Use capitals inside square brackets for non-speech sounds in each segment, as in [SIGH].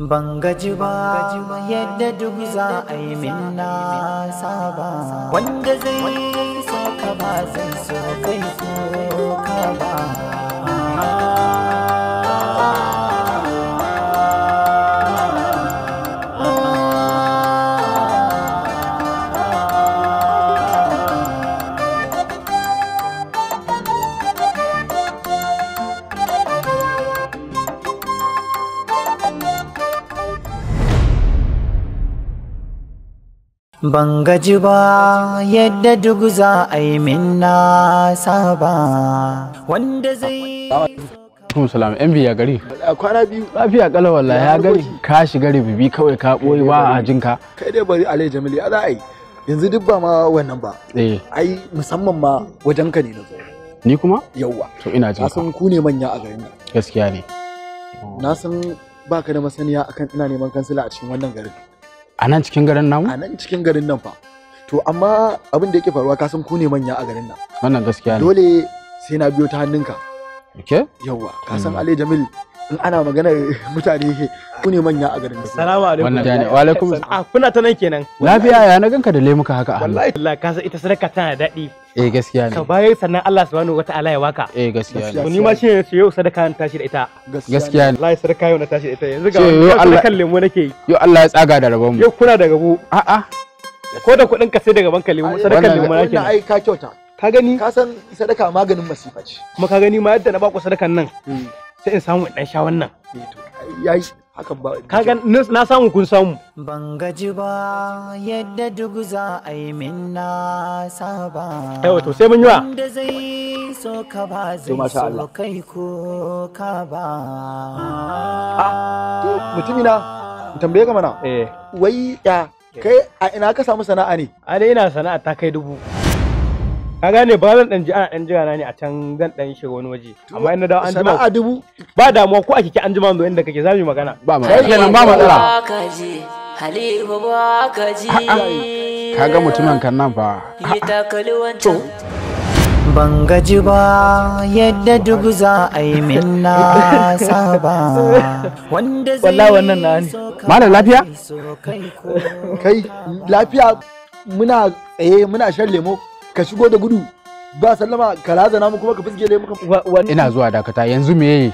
Ban gaji ba yadda duk za a yi min saba wanda zai saka ba zai so kai ku Bangaji ba yadda duk za a yi min nasa saba wanda zai tun salamu yan biya gari. Kwana biyu. Lafiya kala walla ya gari. Ka shiga ribibi kawai ka boye ba a jinka. Kai dai bari Alai Jamili a za a yi. Yanzu duk ba ma wannan ba. Eh. Ai musamman ma wajen ka ne na zo. Ni kuma? Yawwa. To ina jin ka. Asan ku ne manya a garin nan. Gaskiya ne. Na san baka da masaniya akan ina neman kansila a cikin wannan garin. a nan cikin garin namu a nan cikin garin nan fa to amma abin da yake faruwa ka san ku ne manya a garin nan wannan gaskiya ne dole sai na biyo ta hannunka okay yawa ka hmm. san Ale Jamil in ana magana mutane ke kune manya a garin salamu alaikum wannan jani wa alaikum a ah, kuna ta nan kenan lafiya ya na ganka da lemuka haka a wallahi Allah ka san ita sadaka tana daɗi eh gaskiya ne ka bayar sannan Allah subhanahu wata'ala ya waka eh gaskiya ne ni ma shi ne yau sadaka an tashi da ita gaskiya ne wallahi sadaka yau na tashi da ita yanzu ga Allah kan lemu nake yo yau Allah ya tsaga da rabon mu yau kuna da gabo a'a ko da kuɗin ka sai daga banka lemu sadakan lemu nake wannan ai ka kyauta ka gani ka san sadaka maganin masifa ce kuma ka gani ma yadda na baku sadakan nan hmm. sai in samu dan sha wannan eh yayi hakan ba kaga na samu kun samu ban gaji ba yadda duk za a yi min na saba yawa to sai mun yi wa Wanda zai so ka ba zai so kai ko ka ba ah, na tambaye ka mana eh wai ya eh. kai a ina ka samu sana'a ne a ina sana'a ta kai dubu ka gane ba zan dan ji ana dan jira ne a can zan dan shiga wani waje amma in na dawo an jima sana'a dubu ba damuwa ko a kike an jima mu inda kake za magana ba ma kai kenan ba matsala Halihu ba ka ga mutumin kan nan fa to ban gaji ba yadda duk za a yi min na saba wanda zai wallahi wannan na ne mana lafiya kai lafiya muna tsaye muna shan lemo ka shigo da gudu ba sallama ka razana mu kuma ka fisgele muka ina zuwa dakata yanzu me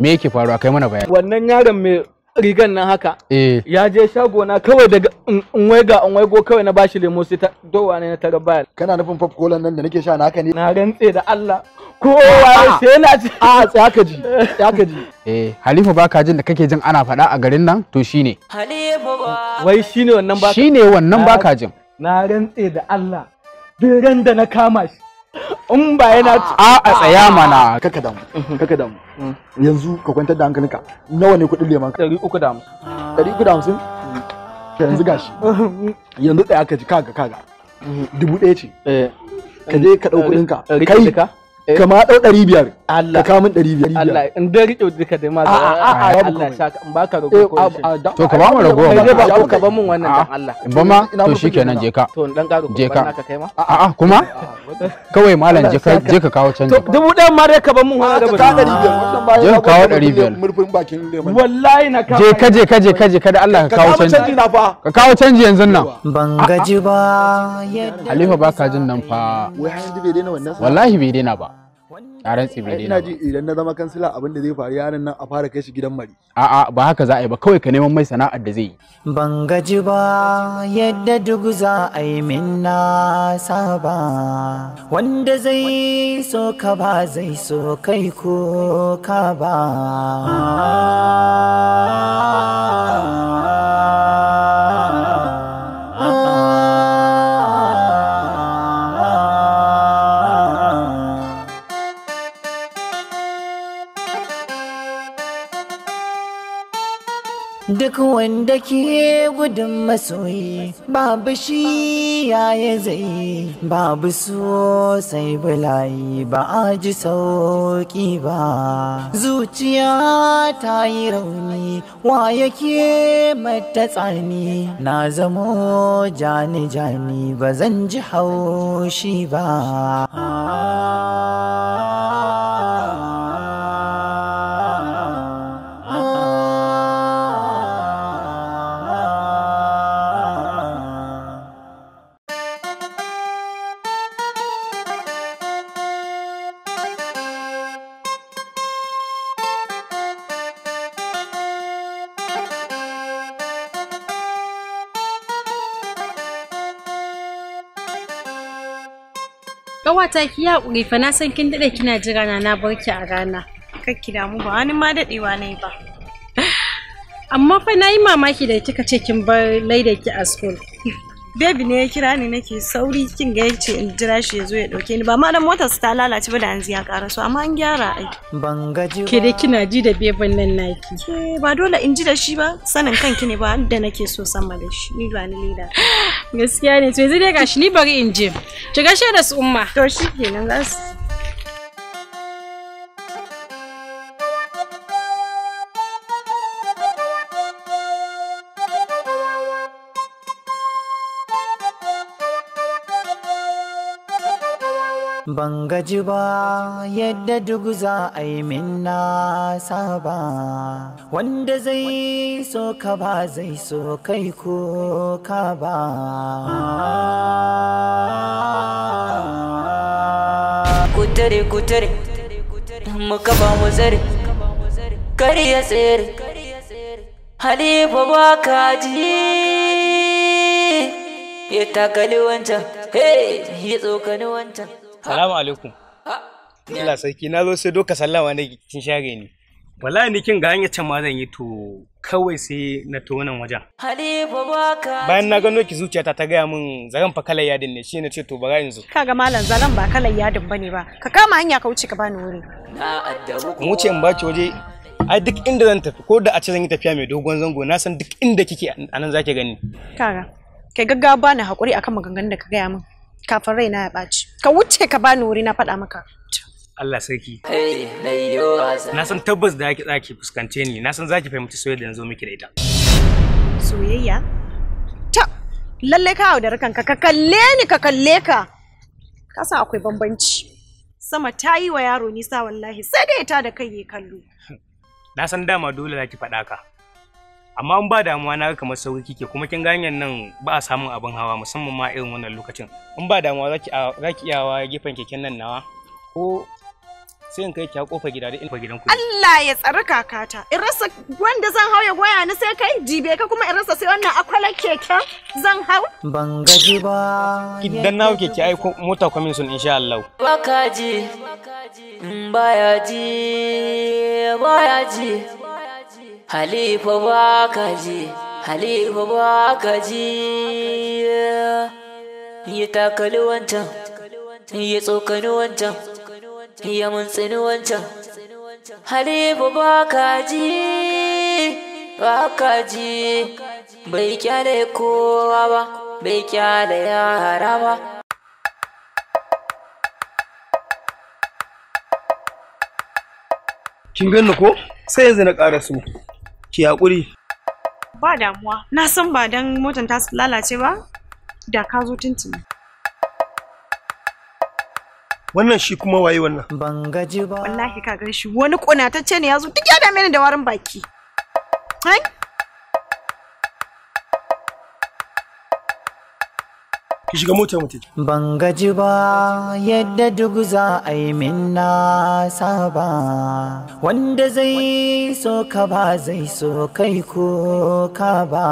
me yake faruwa kai mana bayani wannan yaron mai rigan nan haka eh. ya je shago na kawai daga in ga in go kawai na bashi lemo sai ta dowa ne na tara kana nufin pop cola nan da nake sha na haka ne na rantse da Allah kowa sai na ah, ah, ji a tsaka ji tsaka [LAUGHS] ji eh Halifu baka jin da kake jin ana faɗa a garin nan to shine Halifu wai shine wannan baka shine wannan baka jin na rantse da Allah ran da na kama shi. In ba yana a a tsaya mana. Kaka damu, kaka damu. Mm. Yanzu ka kwantar da hankalinka. Nawa ne kuɗin leman ka? Ɗari uku da hamsin. Ɗari uku da hamsin? Yanzu gashi. Yanzu tsaya ka ji kaga kaga. Mm. Dubu ɗaya ce. Eh. Ka je ka ɗau kuɗinka. Kai Eh. kama dau 500 ka kamun 500 Allah in dai rike duka dai ma Allah a Allah sa in baka eh, rago ko to ka ba mu rago ba ka ba mun wannan dan Allah in ba ma to shikenan je ka to dan garo je ka kai a a kuma [LAUGHS] ah, kawai malam je ka je ka kawo canji dubu dan ma dai ka ba mun wannan da ba je ka kawo 500 murfin bakin lemon wallahi na ka je ka je ka je ka je ka da Allah ka kawo canji ka kawo canji yanzu nan ban gaji ba Halifa ba ka jin nan fa wallahi bai daina ba Taron tsibiri ina ji idan na zama kansila abin da zai faru yaran nan a fara kai shi gidan mari. A'a ba haka za a yi ba kawai ka neman mai sana'ar da zai yi. Ban gaji ba yadda duk za a yi min na saba wanda zai so ka ba zai so kai ko ka ba. wanda ke gudun masoyi babu shi yaya zai babu sosai sai bulayi ba a ji sauki ba zuciya ta yi rauni wa ke mata tsani na zamo jani jani ba zan ji haushi ba ah. ƙawata ki ya ƙure fa na san kin daɗe kina jira na na bar a rana. ki damu ba wani ma daɗewa na yi ba. Amma fa na yi mamaki da kika ce kin bar laidar ki a school. [LAUGHS] baby ne ya kira ni nake sauri kin ga yace in jira shi ya zo ya dauke ni ba ma dan motar ta lalace ba da yanzu ya ƙara so amma an gyara ai ban gaji ke dai kina ji da beban nan naki ke ba dole in ji da shi ba sanin kanki ne ba da nake so sama da shi ni ba ni leda gaskiya ne to yanzu dai gashi ni bari in je ki gaishe da su umma to shikenan banga jiba ba yadda duk za a yi min nasa saba wanda zai so ka ba zai so kai ko ka ba kutare kutare muka ba mu zare kare ya tsere halifa ba ji ya takali wancan hey ya tsokani wancan Salamu alaikum. Allah sarki na zo sai doka sallama ne kin share ni. Wallahi ni kin ga hanya can ma zan yi to kawai sai na to wannan wajen. Bayan na gano ki zuciyata ta gaya min zaren fa kalar yadin ne shi na ce to ga yanzu. Kaga malam zalan ba kalar yadin bane ba. Ka kama hanya ka wuce ka bani wuri. Mu ce in baki waje ai duk inda zan tafi ko da a ce zan yi tafiya mai dogon zango na san duk inda kike a nan zaki gani kaga kai gaggawa bani hakuri akan maganganun da ka gaya min kafin raina ya ɓaci ka wuce ka bani wuri na faɗa maka Allah sarki na san tabbas da yake tsaki fuskance ni na san zaki fahimci soyayya da yanzu miki da ita soyayya ta lalle ka hau da kanka ka kalle ni ka kalle ka ka san akwai bambanci sama ta yi wa yaro nisa wallahi sai dai ta da kai ya kallo na san dama dole zaki faɗa ka amma in ba damuwa na kamar sauri kike kuma kin ganyen nan ba a samun abin hawa musamman ma irin wannan lokacin in ba damuwa za ki iyawa gefen keken nan nawa ko sai in kai ki kofa gida da kofa gidan ku Allah ya tsare kakata in rasa wanda zan hau ya goya ni sai kai jibe ka kuma in rasa sai wannan akwalan keken zan hau ban gaji ba idan na hauke ki ai mota kwamin sun insha Allah bakaji ji baya ji baya ji halifa ba ji halifa ba ka ya takali wancan ya tsokani wancan ya muntsini wancan halifa ba ka ji ba ji bai kyale kowa ba bai kyale yara ba kin ganni ko sai yanzu na ƙara su ki haƙuri. Ba damuwa, na san ba don motar ta su lalace ba, da ka zo tuntuni. Wannan shi kuma waye wannan? Ban gaji ba. Wallahi ka gan shi wani ƙunatacce ne ya zo duk ya dame ni da warin baki. Hai? ki shiga mota mutum. Ban gaji ba yadda duk za a yi min nasa ba, wanda zai so ka ba zai so kai ko ka ba.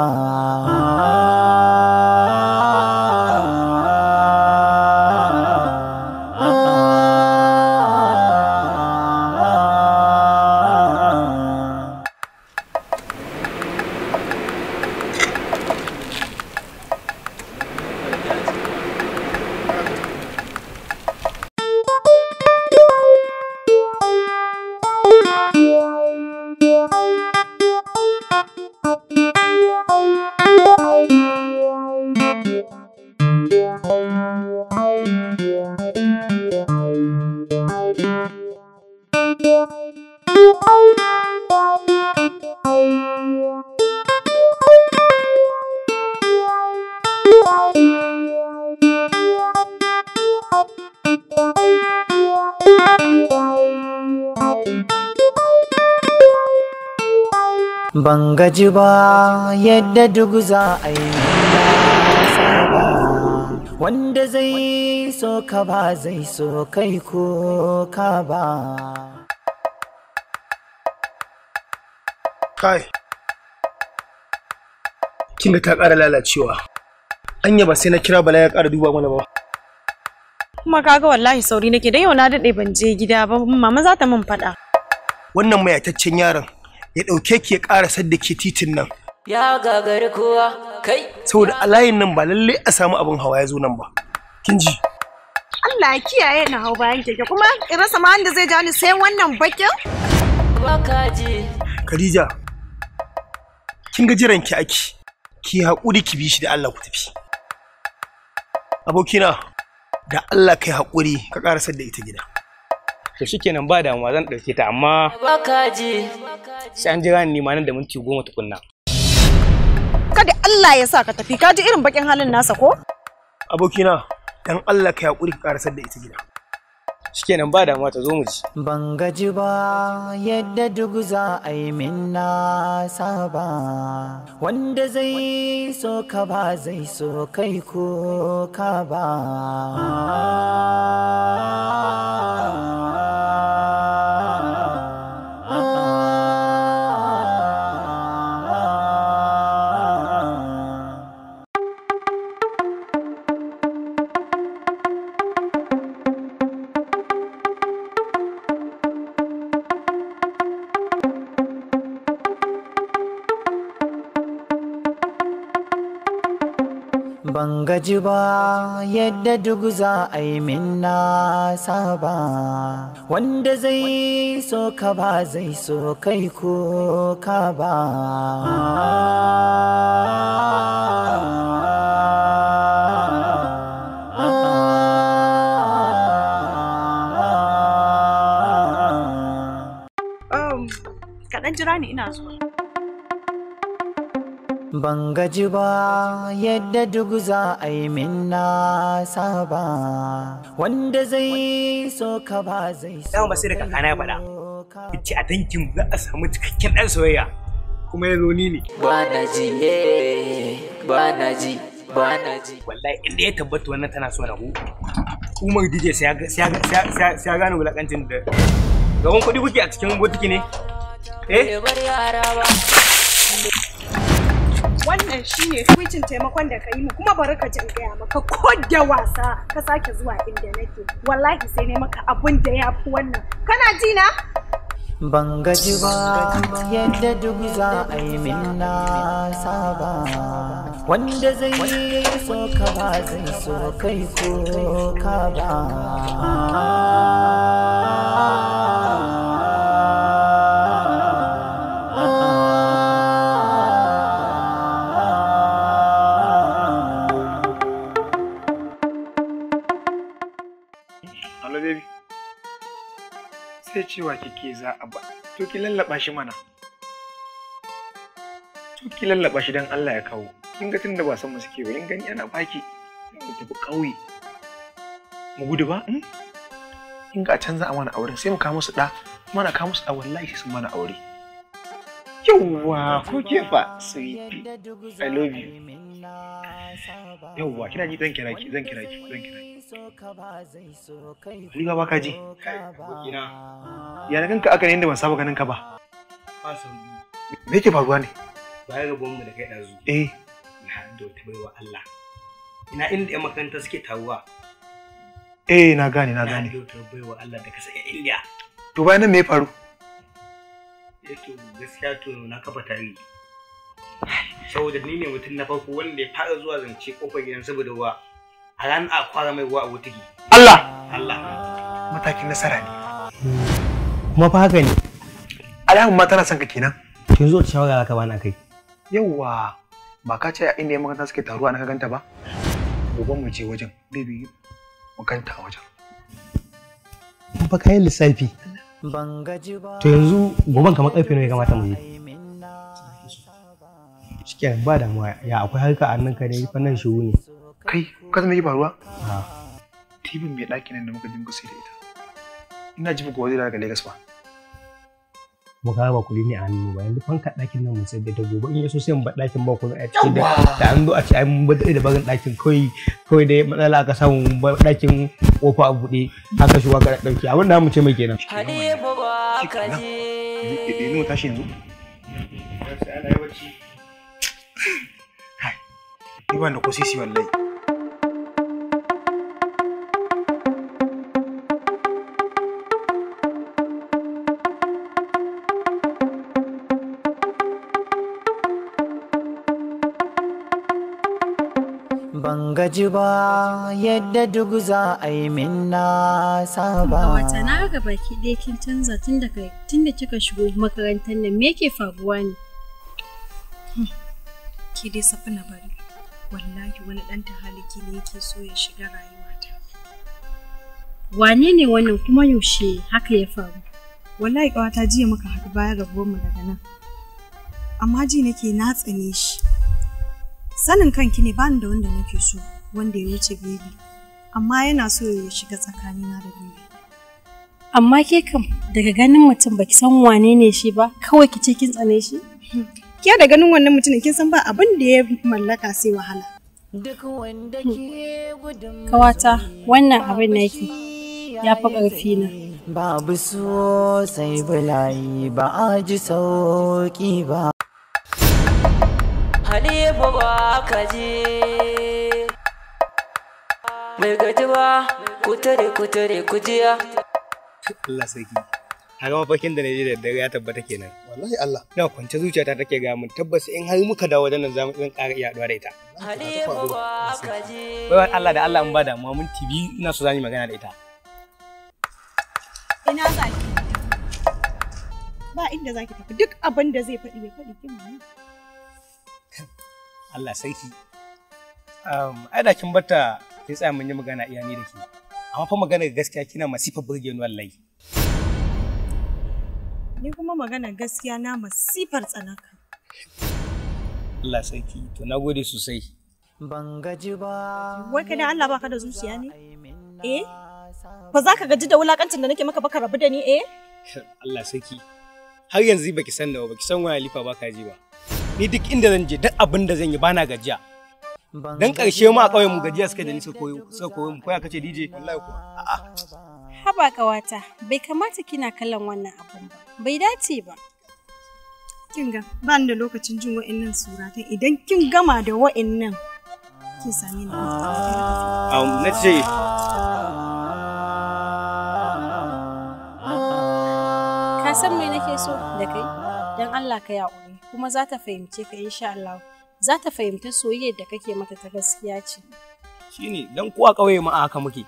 ban gaji ba yadda duk za a yi wanda zai so ka ba zai so kai ko ka ba kai kin ta ƙara lalacewa anya ba sai na kira bala ya ƙara duba mana ba kuma kaga wallahi sauri nake da yau na daɗe ban je gida ba mama za ta min faɗa wannan mayataccen yaron ya ɗauke ki ya ƙara da ke titin nan. Ya gagari kowa kai. Saboda a layin nan ba lalle a samu abin hawa ya zo nan ba. Kin ji? Allah ya kiyaye na hau bayan keke kuma in rasa ma wanda zai ja ni sai wannan bakin. Kadija Khadija. Kin ga jiran ki aki. Ki haƙuri ki bi shi da Allah ku tafi. Abokina da Allah kai haƙuri ka ƙara da ita gida. to shikenan ba damuwa zan ɗauke ta amma sai an jira ni ma nan da minti goma tukunna kada Allah ya sa ka tafi ka ji irin bakin halin nasa ko abokina dan Allah ka yaƙuri ka karasar da ita gida shikenan ba damuwa ta zo mu ji ban gaji ba yadda duk za a yi min na saba wanda zai so ka ba zai so kai ko ka ba gaji ba yadda duk za a yi min saba wanda zai so ka ba zai so kai ko ka ba Bangaji ba yadda duk za a yi min na saba wanda zai so ka ba zai so dama sai da kakana faɗa ce a tankin za a samu cikakken ɗan soyayya kuma ya zo ni ne ba na ji eh, ba na ji ba na ji wallahi inda ya tabbata wannan tana so na ku kuma DJ sai ya gane wulakancin da gaban kuɗi kuke a cikin botiki ne eh wannan shine kwicin taimakon da ka yi mu kuma bari ka jin gaya maka ko da wasa ka sake zuwa inda nake wallahi sai ne maka abun da ya fi wannan kana ji na ban gaji ba yadda duk za a yi min na saba wanda zai yi so ka ba zai so kai ko ka ba cewa kike za a ba to ki lallaba shi mana to ki lallaba shi dan Allah ya kawo kin ga tunda ba san mu suke ba in gani ana baki mu tafi ƙauye mu gudu ba hmm? in ga canza a mana auren sai mu kawo musu da mana kawo musu da wallahi sun mana aure yawwa ko ke fa sweetie i love you yawwa kina ji zan kira ki zan kira ki zan kira ki Riga ba ka ji. Ya na ganka aka ne inda ban saba ganin ka ba. Ba sauri. Me yake faruwa ne? Bayan rabuwan mu da kai ɗazu. Eh. Na haɗu da wata baiwa Allah. Ina inda ya makaranta suke taruwa. Eh na gane na gane. Na haɗu da wata baiwa Allah da kasa 'yan Indiya. To bayan nan me ya faru? Eh to gaskiya to na kafa tari. Saboda ni ne mutum na farko wanda ya fara zuwa zance kofar gidan saboda wa a ran a kwara mai ruwa a wutigi Allah Allah matakin nasara ne kuma fa haka ne alhamu ma tana son ka kenan kin zo shawara ka bani kai yawa ba ka ce a inda yan makaranta suke taruwa na ka ganta ba gobe mu je wajen baby mu ganta a wajen kun fa kayan lissafi to yanzu goben kamar ƙarfe ne ya kamata mu yi. shikenan ba damuwa ya akwai harka a nan ka ne fannin shiru ne kai ka zama yi faruwa tibin mai ɗaki nan da muka je muka sai da ita ina ji buga wazira daga Lagos ba mu ga ba kuɗi ne a hannu ba yanzu fanka ɗakin nan mu sai da gobe in yaso sai mu ba ɗakin ba kuma a cikin da an zo a ce ai mun bada da bagan ɗakin kawai kawai dai matsala aka samu ba ɗakin kofa a buɗe aka shiga ga ɗauki abin da mu ce mai kenan Habibu ba ka je Idan mu tashi yanzu Sai ana yawanci Kai Iban da ko sisi wallahi gaji ba yadda duk za a yi min ba. saba. Wata na ga baki ɗaya kin canza tun da kika shigo makarantar nan me ke faruwa ne? Hmm, ki dai safi na bari. Wallahi wani ɗan tahaliki ne yake so ya shiga rayuwata. Wane ne wannan kuma yaushe haka ya faru? Wallahi ƙawata jiya muka haɗu bayan mu daga nan. Amma ji nake na tsane shi. sanin kanki ne bani da wanda nake so wanda ya wuce baby amma yana so ya shiga tsakanina da baby amma ke kam daga ganin mutum baki san wane ne shi ba kawai ki ce kin tsane shi ke da ganin wannan mutumin kin san ba abin da ya mallaka sai wahala kawata wannan abin na yake ya fi ƙarfi na babu so sai ba a ji sauƙi ba halifu ba ka je mai gaji ba kutare kutare kujiya Allah sarki kaga mafakin da na da dare ya tabbata kenan wallahi Allah na kwance zuciyata take ga mun tabbas in har muka dawo da nan za mu ɗan ƙara iya da ita bai Allah da Allah in ba damuwa mun TV ina so za zani magana da ita ina zaki ba inda zaki tafi duk abin da zai faɗi ya faɗi kin [LAUGHS] Allah sarki um, ai da kin bata kin tsaya mun yi magana iya ni da ke amma fa magana gaskiya kina masifa burge ni wallahi ni kuma magana gaskiya na masifar tsanaka Allah sarki to na gode sosai ban gaji ba wai kai Allah baka da zuciya ne eh ba za ka gaji da wulakancin da nake maka baka rabu da ni eh [LAUGHS] Allah sarki har yanzu baki san da baki san wani alifa baka ji ba ni duk inda zan je duk abin da zan yi bana gajiya dan karshe mu a kauyen mu gajiya suka da ni suka koyo suka koyo mu koya kace DJ wallahi ko a'a haba kawata bai kamata kina kallon wannan abun ba bai dace ba kin ga ba da lokacin jin wa'annan suratan idan kin gama da wa'annan kin same ni na ce ka san me nake so da kai dan Allah ka yaƙuri kuma za ta fahimce ka insha Allah za ta fahimta soyayyar da kake mata ta gaskiya ce shine dan don kuwa ƙauye ma haka muke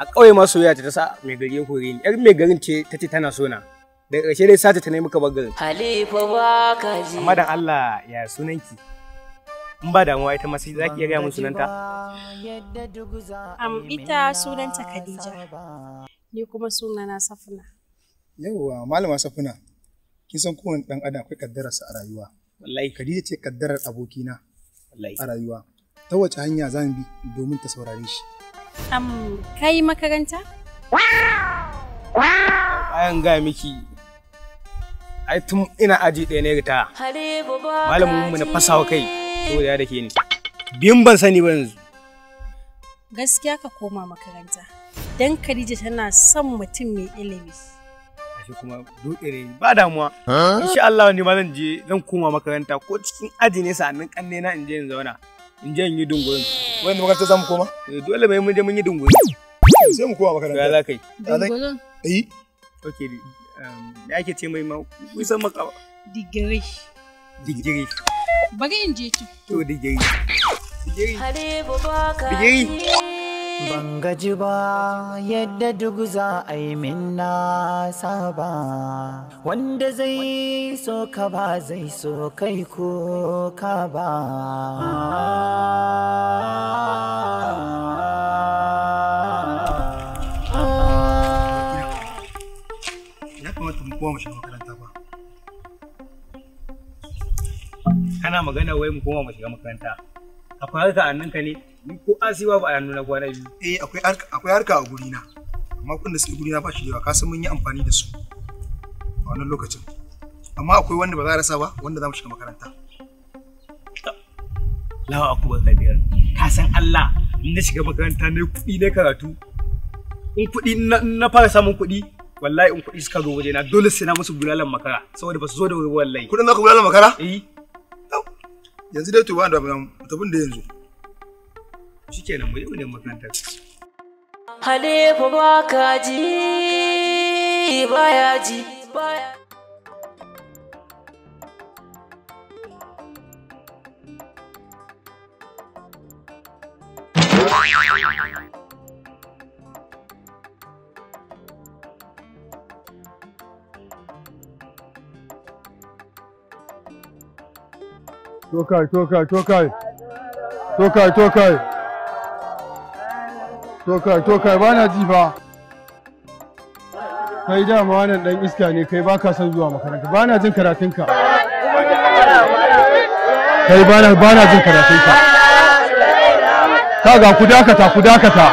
a ƙauye ma soyayya ta sa mai gari ya hore ni yar mai garin ce ta ce tana sona. da ƙarshe dai sata ta nemi ka bar garin halifa ba ka ji amma dan Allah ya sunanki in ba damuwa ita masu za ki iya gaya mun sunanta am ita sunanta Khadija ni kuma sunana Safina yauwa malama Safina kin san kowane dan adam akwai su a rayuwa wallahi Khadija ce kaddarar abokina wallahi a rayuwa ta wace hanya za bi domin ta saurare shi am kai makaranta bayan ga miki ai tun ina aji ɗaya ne ta malamin mu na fasawa kai saboda ya dake ni biyan ban sani ba yanzu gaskiya ka koma makaranta dan Khadija tana son mutum mai ilimi shi kuma dutse ne ba damuwa insha Allah ne ma zan je zan koma makaranta ko cikin aji ne sa'annan kanne na in je in zauna in je in yi dungurin wanda makaranta zamu koma eh, dole bai mun je mun yi dungoyin sai mu koma makaranta ya za kai dungurin eh okay um, me ake ce mai ma san maka digiri digiri bari in je to digiri digiri digiri banga gaji ba yadda duk za a yi min saba wanda zai so ka ba zai so kai ko ka ba. Ya kamata mu koma makaranta ba. Kana magana wai mu koma mu shiga makaranta. Akwai haka ka ne? ko an sai babu a hannu na kwana biyu eh akwai akwai harka a guri na amma kun da suke guri na ba shi da yawa ka san mun yi amfani da su a wannan lokacin amma akwai wanda ba za a rasa ba wanda za mu shiga makaranta lawa akubar kabiyar ka san Allah in na shiga makaranta ne kuɗi na karatu in kuɗi na fara samun kuɗi wallahi in kuɗi suka zo waje na dole sai na musu bulalan makara saboda ba su zo da wuri wallahi kuɗin za ka bulalan makara eh yanzu dai to ba da mutabin da yanzu shikenan mu yi ne makarantar Halifu ji baya ji baya Tokai, tokai, tokai. Tokai, tokai. to kai to kai bana ji fa kai dama wannan dan iska ne kai baka son zuwa makaranta bana jin karatunka kai bana bana jin karatunka kaga ku dakata ku dakata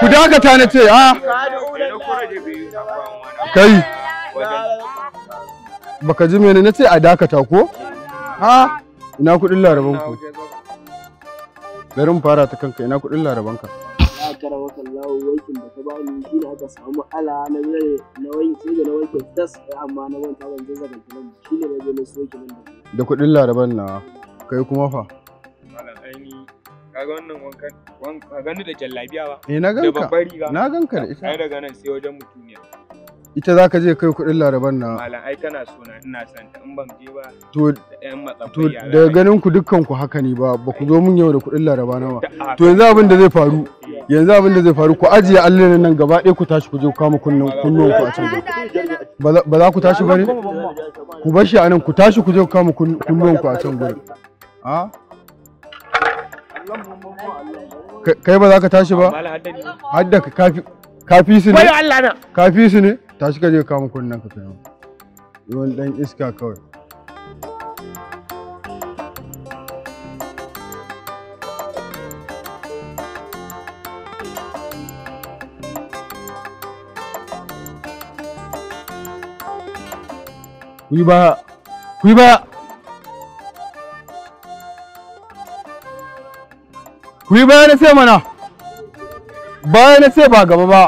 ku dakata na ce a ah. kai baka ji mene na ce a dakata ko ha ina kudin larabanku garin fara ta kanka ina kudin larabanka shekara akaramaka lawo wankin da ta bani shi ne aka samu ala na zai na wanki sai da na wanke tas amma na wanka ban zai zaka kiran shi ne bai zai soke nan da da kuɗin laraban na kai kuma fa malam aini kaga wannan wankan wanka gani da jallabiya ba eh na ganka da babbar riga na ganka da ita ai daga nan sai wajen mutum mutumiya ita za ka je kai kuɗin laraban na malam ai kana suna ina son ta in ban je ba to to daga ganin ku dukkan ku haka ne ba ba ku zo mun yau da kuɗin laraba na ba to yanzu abin da zai faru yanzu abin da zai faru ku ajiye Allah nan gaba ɗaya ku tashi ku je ku kama kunnan kunnuwan ku a can ba za ku tashi bane ku bar shi a nan ku tashi ku je ku kama kunnuwan ku a can gurin a ah? kai ba za ka tashi ba hadda ka kafi kafi su ne kafi su ne ta shi kaje kawo kunnen ka kayan ruwan dan iska kawai ku yi baya ku yi baya ku yi baya na sai mana baya na sai ba gaba ba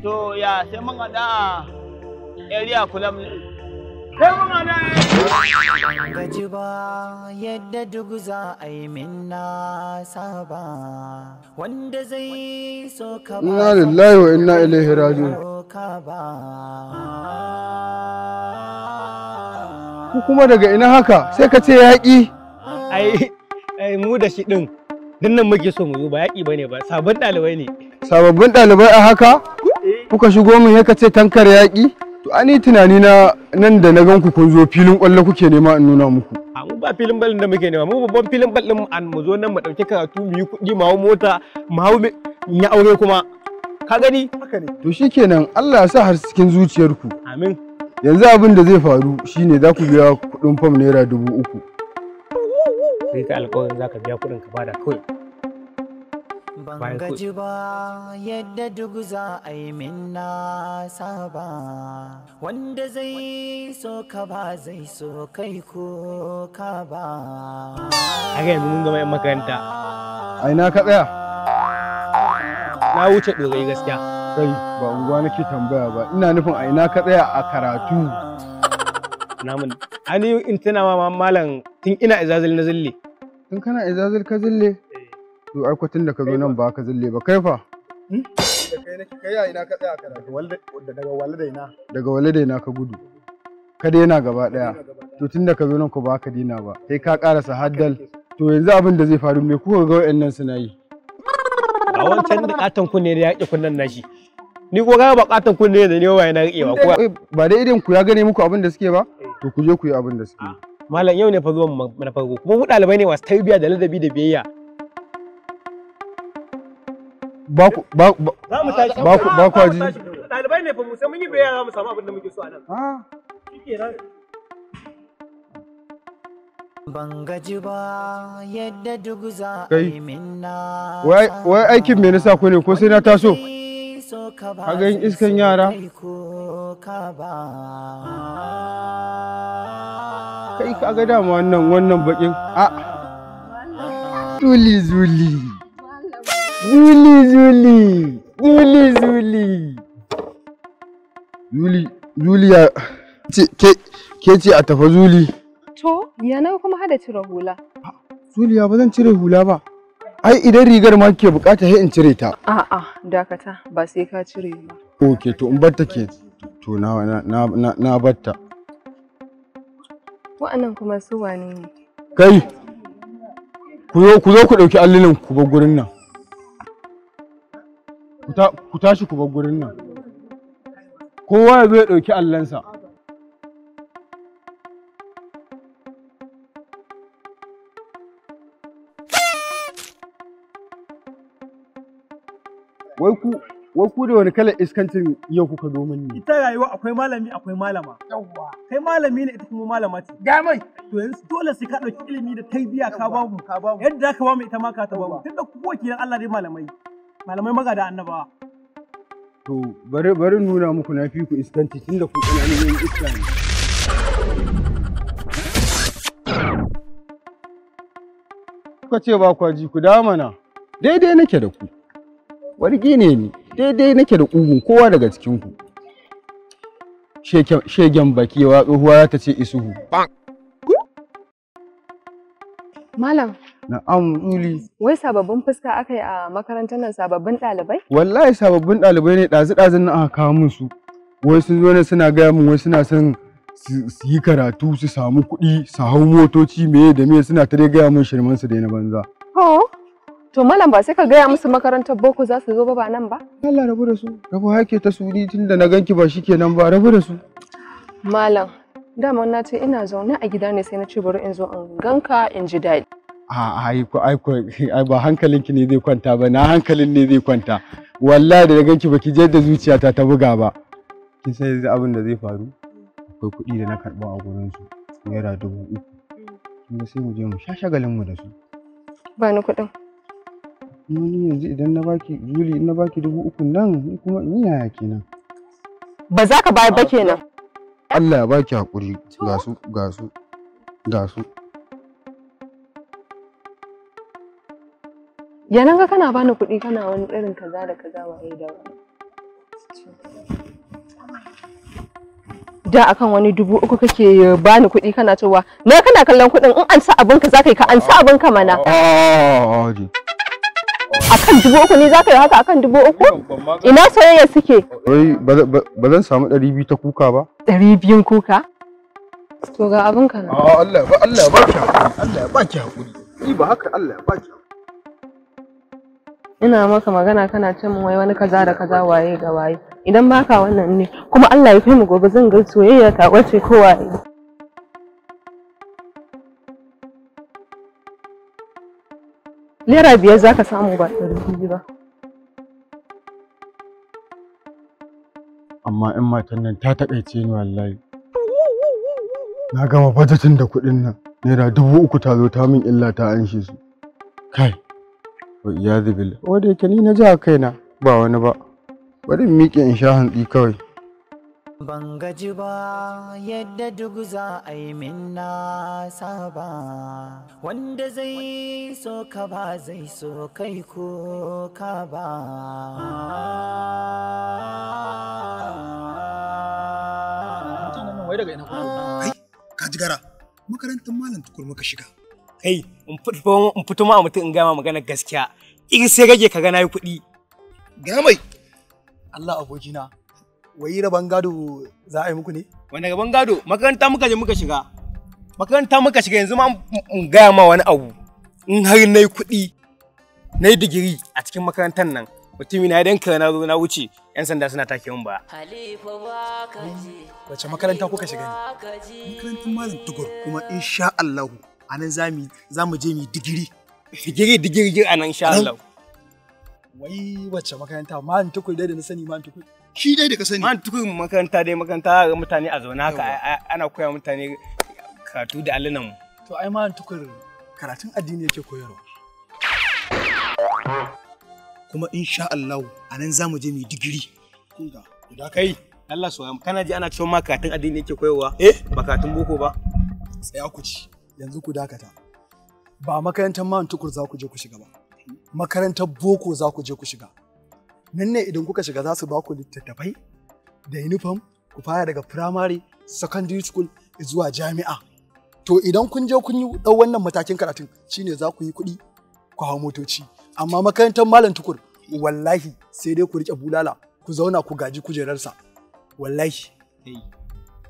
to oh. ya sai mun hada area club ne sai mun hada gaji ba yadda duk za a yi min na saba wanda zai so ka ba inna lillahi wa inna ilaihi raji'un ku kuma daga ina haka sai ka ce yaƙi ai ai mu da shi din nan muke so mu zo ba yaƙi bane ba sabon ɗalibai ne sababbin ɗalibai a haka eh. kuka shigo min ya ce tankar yaƙi to ani tunani na nan da na ganku kun zo filin ƙwallo kuke nema in nuna muku a mu ba filin ballin da muke nema mu babban filin ballin an mu zo nan mu ɗauki karatu mu yi kuɗi mu hau mota mu hau in ya aure kuma ka gani haka ne to shikenan Allah ya sa har cikin zuciyarku amin yanzu abin da zai faru shine za ku biya kuɗin fam naira dubu uku kai ka alƙawarin ka biya kuɗin ka da kawai ban gaji ba yadda duk za a yi min na saba wanda zai so ka ba zai so kai ko ka ba a ga yanzu mun gama yan makaranta ai na ka tsaya na wuce dogayi gaskiya kai ba unguwa nake tambaya ba ina nufin a ina ka tsaya a karatu namun ani in tana ma malam tun ina izazil na zille tun kana izazil ka zille eh. to ai kwatin da ka zo nan ba ka zille ba kai fa hmm? kai ya ina ka tsaya daga waladaina daga ina ka gudu ka daina gaba daya to tun da ka zo nan ku ba ka dina ba sai ka karasa haddal to yanzu abin da zai faru me kuka ga wayannan suna yi a wancan da ku ne ya yaki kunnan nashi ni ko ga bukatun kun ne ne waye na rikewa ko eh, ba dai idan ku ya gane muku abin da suke ba eh. to ku je ku yi abin da suke ah, malam yau ne fa zuwan na farko kuma mu dalibai ne wasu tarbiya da ladabi da biyayya ba ku ba za mu tashi ba ku ba ku ji dalibai ne fa mu sai mun yi biyayya za mu samu abin da muke so a nan ah ban gaji ba yadda duk za a yi minna wai aikin me nasa ku ne ko sai na taso hagan iskan yara kai ka ga dama wannan wannan bakin a zuli zuli zuli zuli zuli zuli zuli ce ke ce a tafa zuli to ya kuma hada cire hula zuliya ba zan cire hula ba Ai idan rigar ma ke bukata sai in cire ta. A'a, dakata ba sai ka cire ba. Okay, to in bar ta ke to na na na, na bar ta. Wa'annan kuma su wane ne? Kai. Ku zo ku zo ku dauki allilin ku bar gurin nan. Ku tashi ku bar gurin nan. Kowa ya zo ya dauki allansa. Wai ku wai ku da wani kalar iskancin yau kuka zo ne Ita rayuwa akwai malami akwai malama. Yawwa. Kai malami ne ita kuma malama ce. Ga mai. To yanzu dole sai ka ɗauki ilimi da tarbiyya ka ba mu. Ka ba mu. Yadda ka ba mu ita ma ka ta ba mu. Tunda ku wakilan Allah dai malamai. Malamai magada annabawa. To bari bari nuna muku na fi ku iskanci tunda ku ne iska ne. Kuka ce ba kwaji ku da mana. Daidai nake da ku. gine ne daidai nake da ƙugun kowa daga cikin ku shegen bakewa tsohuwa ta ce isuhu malam na'am uli wai sababbin fuska aka yi a makarantar nan sababbin ɗalibai wallahi sababbin ɗalibai ne ɗazu ɗazun nan aka kawo musu wai sun zo ne suna gaya min wai suna son su yi karatu su samu kuɗi su hau motoci meye da meye suna ta gaya min shirman su na banza. Oh. To malam ba sai ka gaya musu makarantar boko za su zo ba nan ba? Allah rabu da su. Rabu hake ta suni tun da na ganki ba shi kenan ba rabu da su. Malam dama na ce ina zaune a gida ne sai na ce bari in zo in ganka in ji daɗi. Ah, ai ai ba hankalinki ne zai kwanta ba na hankalin ne zai kwanta wallahi da ganki ba ki je da zuciyata ta buga ba kin san yanzu abin da zai faru akwai kuɗi da na karɓa a gurin su naira dubu uku kuma sai mu je mu sha shagalin mu da su ba ni kuɗin ni yanzu idan na baki Juli in na baki dubu uku nan ni kuma in yaya kenan. Ba za ka bayar ba kenan. Allah ya baki hakuri ga su ga su ga su. Yanan ga kana bani kuɗi kana wani irin kaza da kaza waye da wani. Da akan wani dubu uku kake bani kuɗi kana cewa na kana kallon kuɗin in an sa abinka za ka yi ka an sa abinka mana. akan dubu uku ne zaka yi haka akan dubu uku ina soyayya suke wai ba zan samu ɗari biyu ta kuka ba ɗari biyun kuka to ga abin ka na Allah ba Allah ba ki Allah ba ki hakuri ni ba haka Allah ba ki ina maka magana kana ce min wai wani kaza da kaza waye ga waye idan baka wannan ne kuma Allah ya kai mu gobe zan ga soyayya ta wace ko waye naira biyar za ka samu ba ɗari ba amma in matan nan ta taƙaice ni wallahi na gama bajetin da kuɗin nan naira dubu uku ta zo ta min illa ta anshe su kai wa iyazu billah wanda yake ni na ji a kaina ba wani ba bari miƙe in sha hantsi kawai Bangaji ba yadda duk za a yi min nasa ba, wanda zai so ka ba zai so kai ko ka ba. Ka ji gara, makarantar malam tukur muka shiga. Kai, in fito ma mutum in gama magana gaskiya, in sai gage ka gana yi kuɗi. Gamai! Allah abokina. wai na bangado za a yi muku ne? Wani ga bangado makaranta muka je muka shiga. Makaranta muka shiga yanzu ma in gaya ma wani abu. In har na yi kuɗi na yi digiri a cikin makarantar nan mutumi na dan na zo na wuce yan sanda suna take mun ba. Wace makaranta kuka shiga ne? Makarantar Malam Tugur kuma insha Allahu anan za mu je mu digiri. Digiri digiri a nan insha Allah. Wai wace makaranta Malam Tukur dai da na sani Malam Tukur. shi dai da ka sani Man tukun makaranta dai makaranta ga mutane a zaune haka ana koya mutane karatu da allunan mu to ai man tukun karatun addini yake koyarwa kuma insha Allah a nan za mu je mu digiri kun kai Allah so kana ji ana cewa karatun addini yake koyarwa eh karatun boko ba tsaya ku ci yanzu ku dakata ba makarantar man tukur za ku je ku shiga ba makarantar boko za ku je ku shiga nan ne idan kuka shiga za su ba littattafai da uniform ku fara daga primary secondary school zuwa jami'a to idan kun je kun yi ɗau wannan matakin karatun shine za ku yi kuɗi ku hau motoci amma makarantar malam tukur wallahi sai dai ku riƙe bulala ku zauna ku gaji kujerarsa wallahi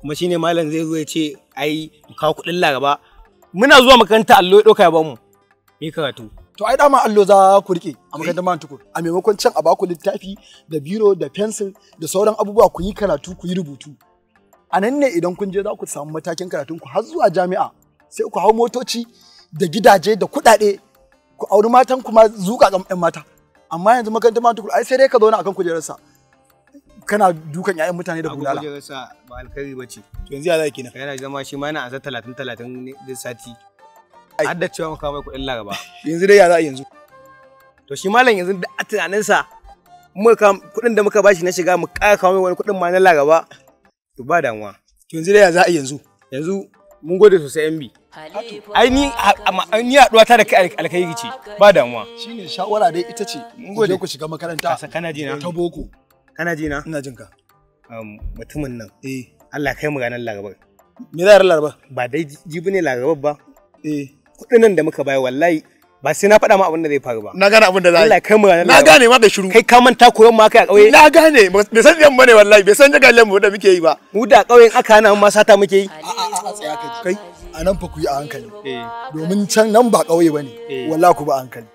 kuma shine malam zai zo ya ce ai kawo kuɗin laraba muna zuwa makaranta allo ya ɗauka ya bamu yi karatu to ai dama allo za ku rike a eh. makarantar malam tukur a maimakon can a baku littafi da biro da pencil da sauran abubuwa ku yi karatu ku yi rubutu a nan ne idan kun je za ku samu matakin karatun ku har zuwa jami'a sai ku hau motoci da gidaje da kuɗaɗe ku auri matan kuma zuƙa ƴan mata amma yanzu makarantar malam tukur ai sai dai ka zauna akan kujerarsa kana dukan ƴaƴan mutane da bulala. kujerarsa ba alkhairi ba ce. To yanzu ya zaki na. Yana zama shi ma yana azar talatin talatin da sati. har da cewa muka mai kuɗin laraba yanzu dai ya za a yanzu to shi malam yanzu da a tunaninsa muka kuɗin da muka bashi na shiga mu ƙara kawo mai wani kuɗin ma na laraba to ba damuwa to yanzu dai ya za a yanzu yanzu mun gode sosai MB ai ni ni haɗuwa ta da kai alkhairi ce ba damuwa shine shawara dai ita ce mun gode ku shiga makaranta kana ji na ta boko kana ji na ina jin ka mutumin nan eh Allah kai mu ranar larabar me za a larabar ba dai jibi ne larabar ba eh kudinan nan da muka bayar wallahi ba sai na faɗa ma abin da zai faru ba. Na gane abin da zai Allah kai mu Na gane ma da shiru. Kai ka manta koyon ma kai a ƙauye. Na gane bai san yan bane wallahi bai san lan mu da muke yi ba. Mu da ƙauyen aka hana mu ma sata muke yi. A a tsaya kai a nan fa ku yi a hankali. Eh. Domin can nan ba ƙauye bane. Eh. Wallahi ku ba hankali.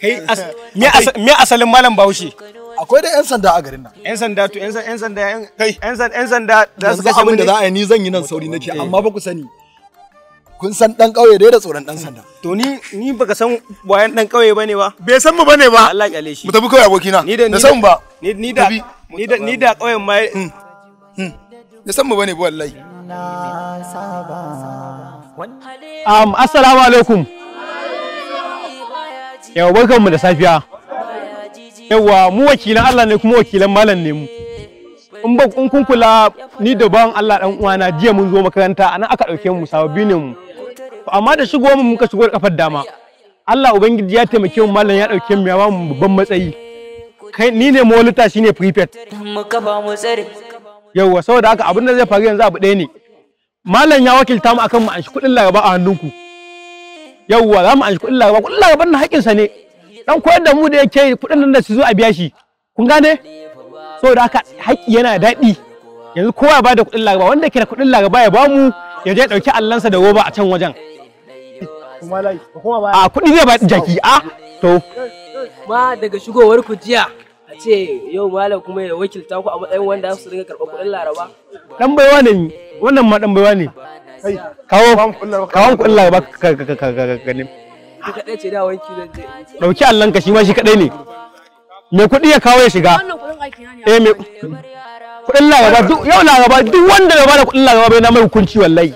Kai eh. me asalin malam Bahaushe? akwai da 'yan sanda a garin nan. 'yan sanda to 'yan sanda 'yan sanda 'yan sanda za su ga abin da za a yi ni zan yi nan sauri nake amma ba ku sani kun san dan kauye dai da tsoron dan sanda to ni ni baka san wayan dan kauye bane ba bai san mu bane ba Allah kyale shi mu tafi kauye abokina da san ba ni ni da ni da ni da kauyen ma da hmm. hmm. san mu bane ba wallahi um assalamu alaikum yawa barkan mu da safiya yawa mu wakilan Allah ne kuma wakilan malam ne mu in kun kula ni da bawan Allah dan uwana jiya mun zo makaranta anan aka dauke mu sababbi ne mu amma da shigo mu muka shigo da kafar dama Allah ubangiji ya taimake mu mallam ya dauke mu ya mu babban matsayi kai ni ne mawalita shine prefect yauwa saboda haka abin da zai faru yanzu abu ɗaya ne mallan ya wakilta mu akan mu an shi kuɗin laraba a hannunku yauwa za mu an shi kuɗin laraba kuɗin laraba na sa ne dan koyar da mu da yake kuɗin nan da su zo a biya shi kun gane saboda haka haƙƙi yana daɗi yanzu kowa ba da kuɗin laraba wanda ke da kuɗin laraba ya ba mu ya je ɗauki allansa da roba a can wajen a kuɗi zai ba jaki a to ma daga shigowar ku jiya a ce yau malam kuma ya wakilta ku a matsayin wanda su dinga karɓar kuɗin laraba Ɗan baiwa ne wannan ma ɗan baiwa ne kawo kawon kuɗin laraba ka ka ka ka ne ka kaɗai ce da wanki zan je ɗauki allon ka shi ma shi kaɗai ne me kuɗi ya kawo ya shiga eh me kuɗin laraba duk yau laraba duk wanda ya bada kuɗin laraba bai na mai hukunci wallahi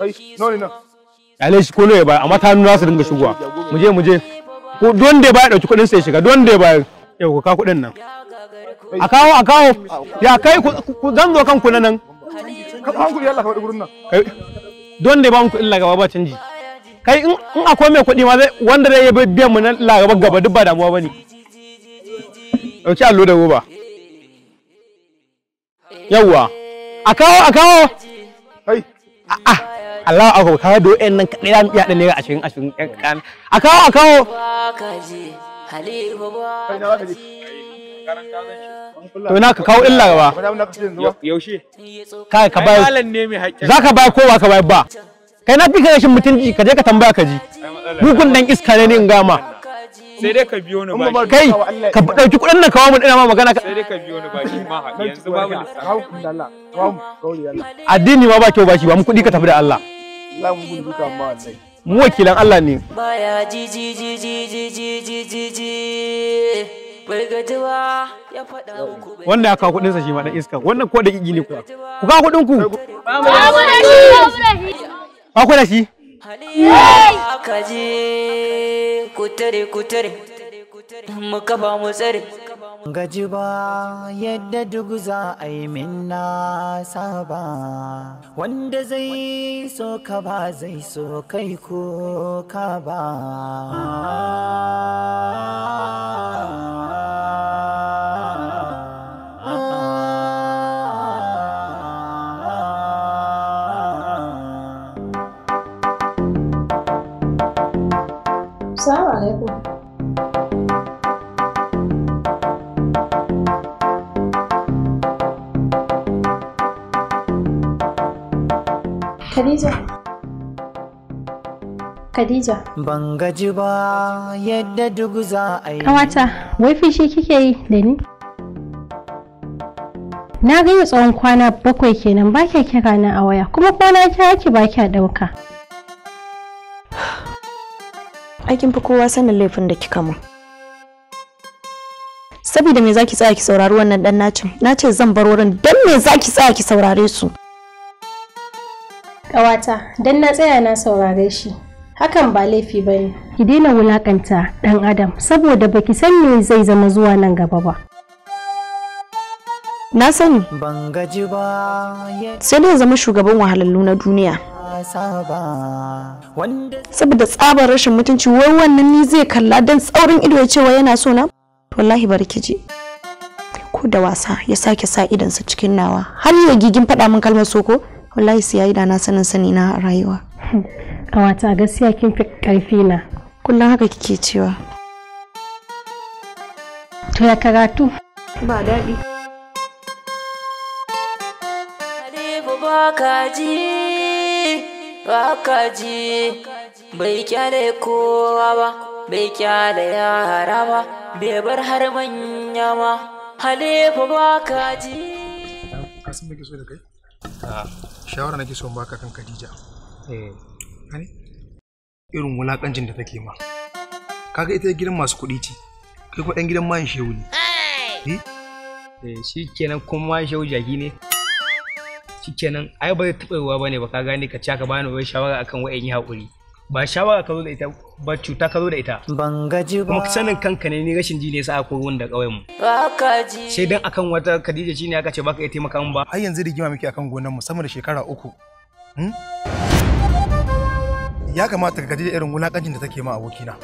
no no no shi ko ne ba amma ta nuna su dinga shigowa mu je mu je ko don da ba ya dauki kuɗin sai shiga don da ba ya ka kuɗin nan a kawo a kawo ya kai ku zan zo kanku na nan ka ba ku yalla ka faɗi gurin nan don da ba mu kuɗin lagaba ba canji kai in akwai mai kuɗi ma zai wanda zai yi biyan mu na lagaba gaba duk ba damuwa bane dauki allo da goba yawwa a kawo a kawo a Allah a kawo do en nan kaɗai za naira ashirin ashirin ƴan ƙan a kawo a kawo. To na ka kawo Yaushe. Kai ka bayar. Za ka bayar ko ba ka bayar ba. Kai na fi ka rashin mutunci ka je ka tambaya ka ji. Bugun dan iska ne in gama. sai dai ka biyo ni baki kai ka dauki kudin nan magana sai dai ka biyo ni baki ma yanzu babu lissafi addini ma ba kyau baki ba mu kudi ka tafi da Allah mu gudu mu wakilan Allah ne baya ji ji ji ji ji ji ji ji ji ya wanda ya kawo kuɗin sa shi ma dan iska wannan ko da gigi ne kuwa ku kawo kuɗin ku ba mu da shi ka je kutare kutare kafa mu gaji ba yadda duk za a yi min saba wanda zai so ka ba zai so kai ko ka ba Khadija. Khadija. Ban gaji ba yadda duk za a yi. Kawata, wai fushi kike yi da ni? Na gani tsawon kwana bakwai kenan ba kya kira na a waya kuma kwana kira ake ba kya ɗauka. [SIGHS] Aikin fi kowa sanin laifin da kika mun. Saboda me zaki tsaya ki saurari wannan dan nacin? Na ce zan bar wurin dan me zaki tsaya ki saurare su? Ƙawata, don na tsaya na saurare shi. Hakan ba laifi ba ne. Ki daina wulakanta ɗan Adam, saboda baki san me zai zama zuwa nan gaba ba. Na sani. Sai dai zama shugaban wahalallu na duniya. Saboda tsabar rashin mutunci wai wannan ni zai kalla don tsaurin ido ya cewa yana so na? Wallahi barki ji. Ko da wasa ya sake sa sa cikin nawa har ya gigin faɗa min kalmar soko? wallahi sai yayi da na sanin sani na a rayuwa kawata gaskiya kin fi karfi na kullum haka kike cewa to ya karatu ba daɗi baka ji bai kyale kowa ba bai kyale yara ba bai bar har manya ma halifu baka ji ka san da kai ah. shawara nake son baka kan Khadija eh Ani? irin wulakancin da take ma kaga ita gidan masu kuɗi ce kai ko ɗan gidan mayan shehu ne eh? eh shi kenan kuma mayan shehu jaki ne shi kenan ai ba zai taɓa yiwuwa ba ne ba ka gane ka ci aka bani wai shawara akan wa'in yi haƙuri ba shawara ka zo da ita ba cuta ka zo da ita ban gaji ba kuma sanin kanka ne ni rashin ji ne sa ko ruwan da kauyen mu ba ka ji sai dan akan wata Khadija shine aka ce baka iya taimaka mun ba har yanzu rigima muke akan gonan mu sama da shekara uku hmm? ya kamata ka gaji da irin wulakancin da take ma abokina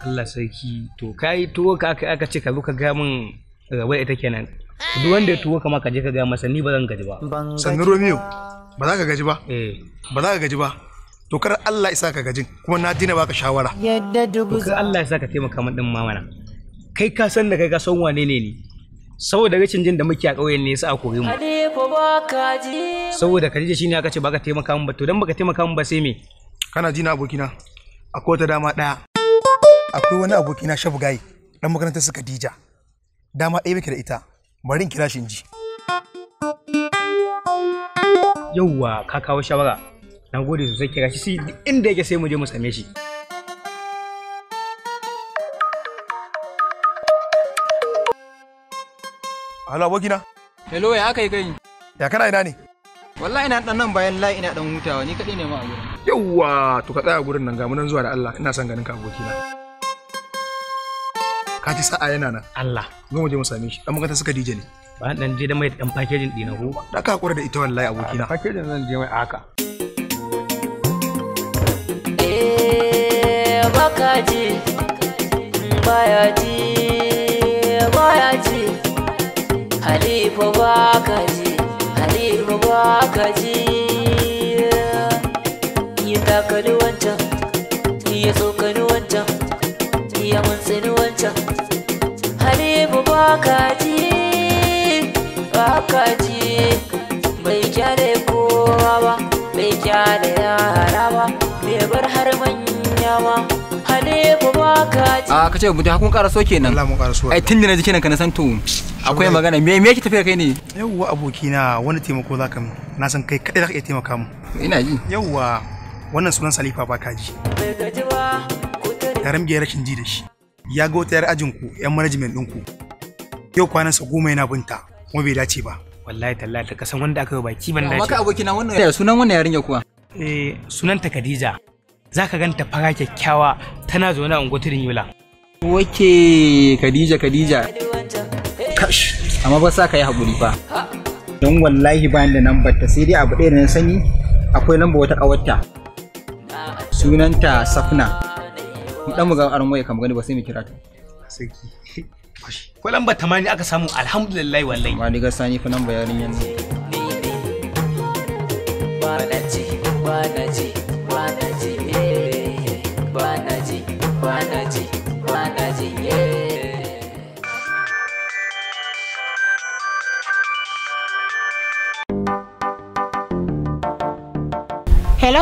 Allah sarki to kai to ka aka ce ka zo ka ga min rabar ita kenan duk wanda ya tuwo kama ka je ka ga masa ni ba zan gaji ba sannu Romeo ba za ka gaji ba eh. ba za ka gaji ba to kar Allah isa ka gajin kuma na dina baka shawara yadda dubu kar Allah isa ka taimaka min din mamana kai ka san da kai ka san wane ne ni saboda rashin jin da muke a ƙauyen ne yasa a kore mu saboda Khadija shine aka ce baka taimaka min ba to dan baka taimaka min ba sai me kana ji na abokina akwai ta dama daya akwai wani abokina Shafu Gayi dan makarantar su Khadija dama ɗaya muke da ita bari in kira shi in ji yauwa ka kawo shawara na gode sosai kira shi inda yake sai mu je mu same shi Hello abokina. Hello ya aka yi gani? Ya kana ina ne? Wallahi ina dan nan bayan layi ina dan hutawa ni kadai ne ma a gurin. Yawwa to ka tsaya gurin nan ga mu nan zuwa da Allah ina son ganin ka abokina. Ka ji sa'a yana nan. Allah. Zo mu je mu same shi. Dan magata suka dije ne. Ba dan je da mai dan packaging dina ko? Da ka hakura da ita wallahi abokina. Packaging zan je mai haka. baka ji baya ji baya ji halifa baka ji halifa baka ji ya takali wancan ya tsokani wancan ya mantsani wancan halifa baka ji bai kyale kowa ba bai kyale yara ba bai bar har manya ba a ah, ka ce mutum hakun karaso kenan Allah mun so ai tunda na ji kenan ka na san to akwai magana me me yake tafiya kai ne yawwa abokina wani taimako zaka mu na san kai kadai zaka iya taimaka mu ina ji yawwa wannan sunan Salifa ji garin gera rashin ji da shi ya ga wata yar ajin ku yan management ku. yau sa goma yana binta kuma bai dace ba wallahi tallahi ta kasan wanda aka yi baki ban dace maka na wannan sunan wannan yarinya kuwa eh sunan ta Khadija za ka ganta fara kyakkyawa tana zaune a unguwaturin yola wake khadija khadija kash amma ba sa ka yi haƙuri fa don wallahi ba da lambar ta sai dai abu ɗaya da na sani akwai lamba wata ƙawarta sunanta safna dan mu ga aron waya kamar gani ba sai mu kira ta sarki [LAUGHS] ko ta tamani aka samu alhamdulillah wallahi ma ga sani fa lamba yarin yanzu ba na ji ba na ji Hello,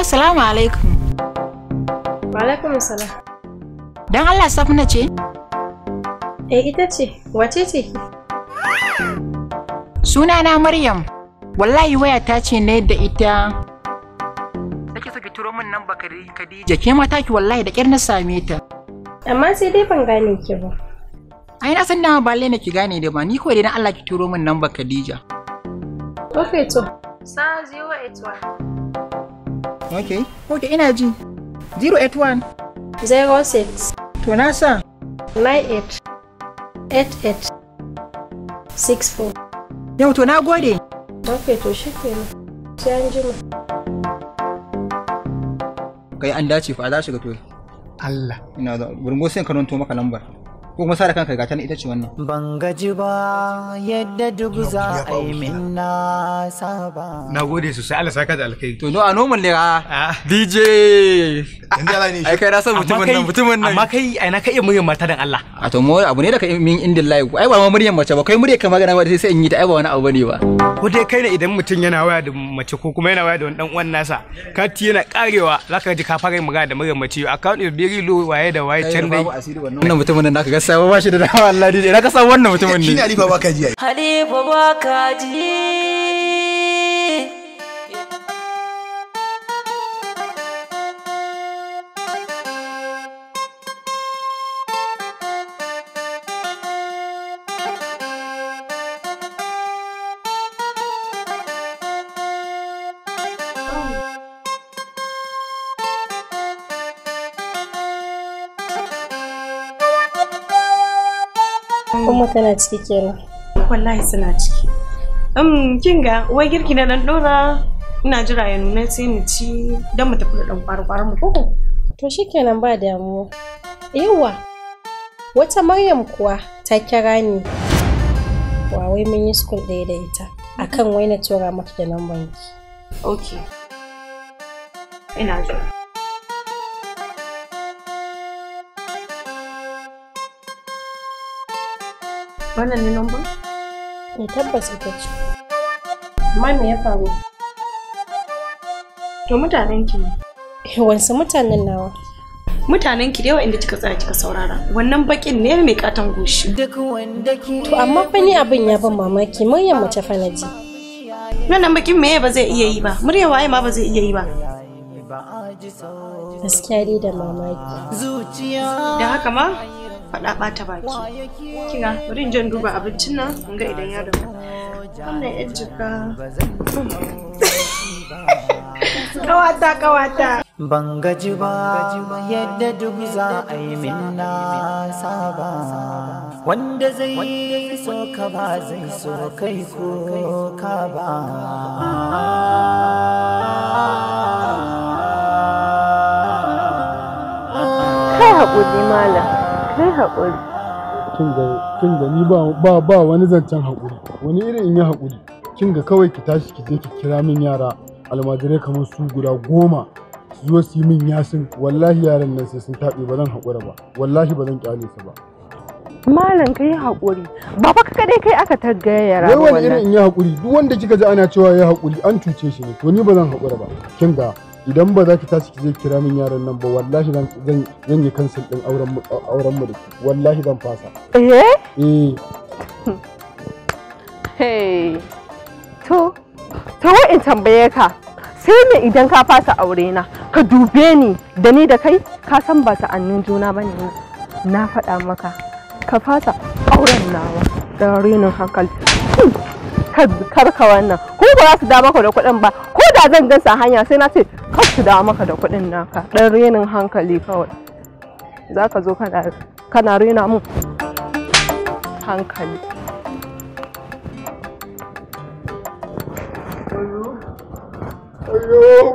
salamu alaikum. Wa alaikum salam. Don Allah safina ce? Eh ita ce, wace ce ki? Suna na Maryam. Wallahi waya ta ce ne da ita take saki turo min nan ba Khadija ke ma ki wallahi da kyar na same ta amma sai dai ban gane ki ba ai na san dama ba lai na ki gane da ba ni kawai na Allah ki turo min namba Khadija okay to sa 081 okay okay ina ji 081 06 to na sa 98 88 64 yau to na gode okay to shi kenan sai an jima kai an dace fa za shiga to Allah ina da gurin sai karanto maka lambar ko kuma sare kanka gata ita ce wannan ban gaji ba yadda duk za a yi min na saba na gode sosai Allah saka da alkai to no a normal ne ha DJ ai kai na san mutumin nan mutumin nan amma kai ai na kai muryar mata dan Allah a to mu abu ne da kai min indin layi ai ba ma muryar mace ba kai muryar kamar gana ba sai sai in yi ta ai ba wani abu bane ba ko dai kai ne idan mutum yana waya da mace ko kuma yana waya da wani dan uwan nasa ti yana karewa zaka ji ka fara magana da muryar mace account is very low waye da waye can dai wannan mutumin nan naka Sabo ba shi da dawa Allah dai. Ina ka san wannan mutumin ne. Shi ne Halifa Bakaji. Halifa Bakaji. tana ciki kenan. Wallahi suna ciki. Um, kin ga wai girki na dan dora ina jira ya nuna sai mu ci dan mu tafi da dan kwarkwar mu koko. To shikenan ba damuwa. Yawwa. Wata Maryam kuwa ta kira ni. Wa wai mun yi school ɗaya da ita akan wai na tura mata da nan banki. Okay. Ina jira. Wannan ne number? Ya eh, tabbas ita ce. Amma me ya faru? To mutanen ki ne. Eh, wansu mutanen nawa. Mutanen ki da yawa inda kika tsaya kika saurara. Wannan bakin ne mai katon goshi. To amma fa ni abin ya ban mamaki Maryam mace fa na ji. Wannan bakin me ba zai iya yi ba. wa waye ma ba zai iya yi ba. Gaskiya dai da mamaki. Zuciya. Da haka ma faɗa ɓata baki kina bari in jan duba abincin nan in ga idan ya damu wannan yan jika [LAUGHS] kawata kawata ban gaji ba yadda duk za a yi min na saba wanda zai yi so ka ba zai so kai ko ka ba kai haƙuri malam zai haƙuri. Kin ga ni ba ba wani zancen haƙuri. Wani irin in yi haƙuri. Kin ga kawai ki tashi ki je ki kira min yara almajirai kamar su guda goma su zo su yi min yasin wallahi yaran nan sai sun taɓe ba zan haƙura ba wallahi ba zan ƙyale su ba. malam yi haƙuri ba fa kadai kai aka tagayyara ba wannan wai wani irin in yi haƙuri duk wanda kika ji ana cewa ya haƙuri an cuce shi ne to ni ba zan haƙura ba kin ga idan ba za ki tashi ki zai kira min yaran nan ba wallahi zan zan yi kansin din auren mu auren mu da ki wallahi zan fasa eh eh hey to to in tambaye ka sai me idan ka fasa aure na ka dube ni da ni da kai ka san ba sa'annin juna bane na faɗa maka ka fasa auren nawa da renin hankali karka wannan ko ba za su da maka da kuɗin ba ko da zan gansa hanya sai na ce kar su da maka da kuɗin naka ɗan renin hankali kawai za ka zo kana rena mun hankali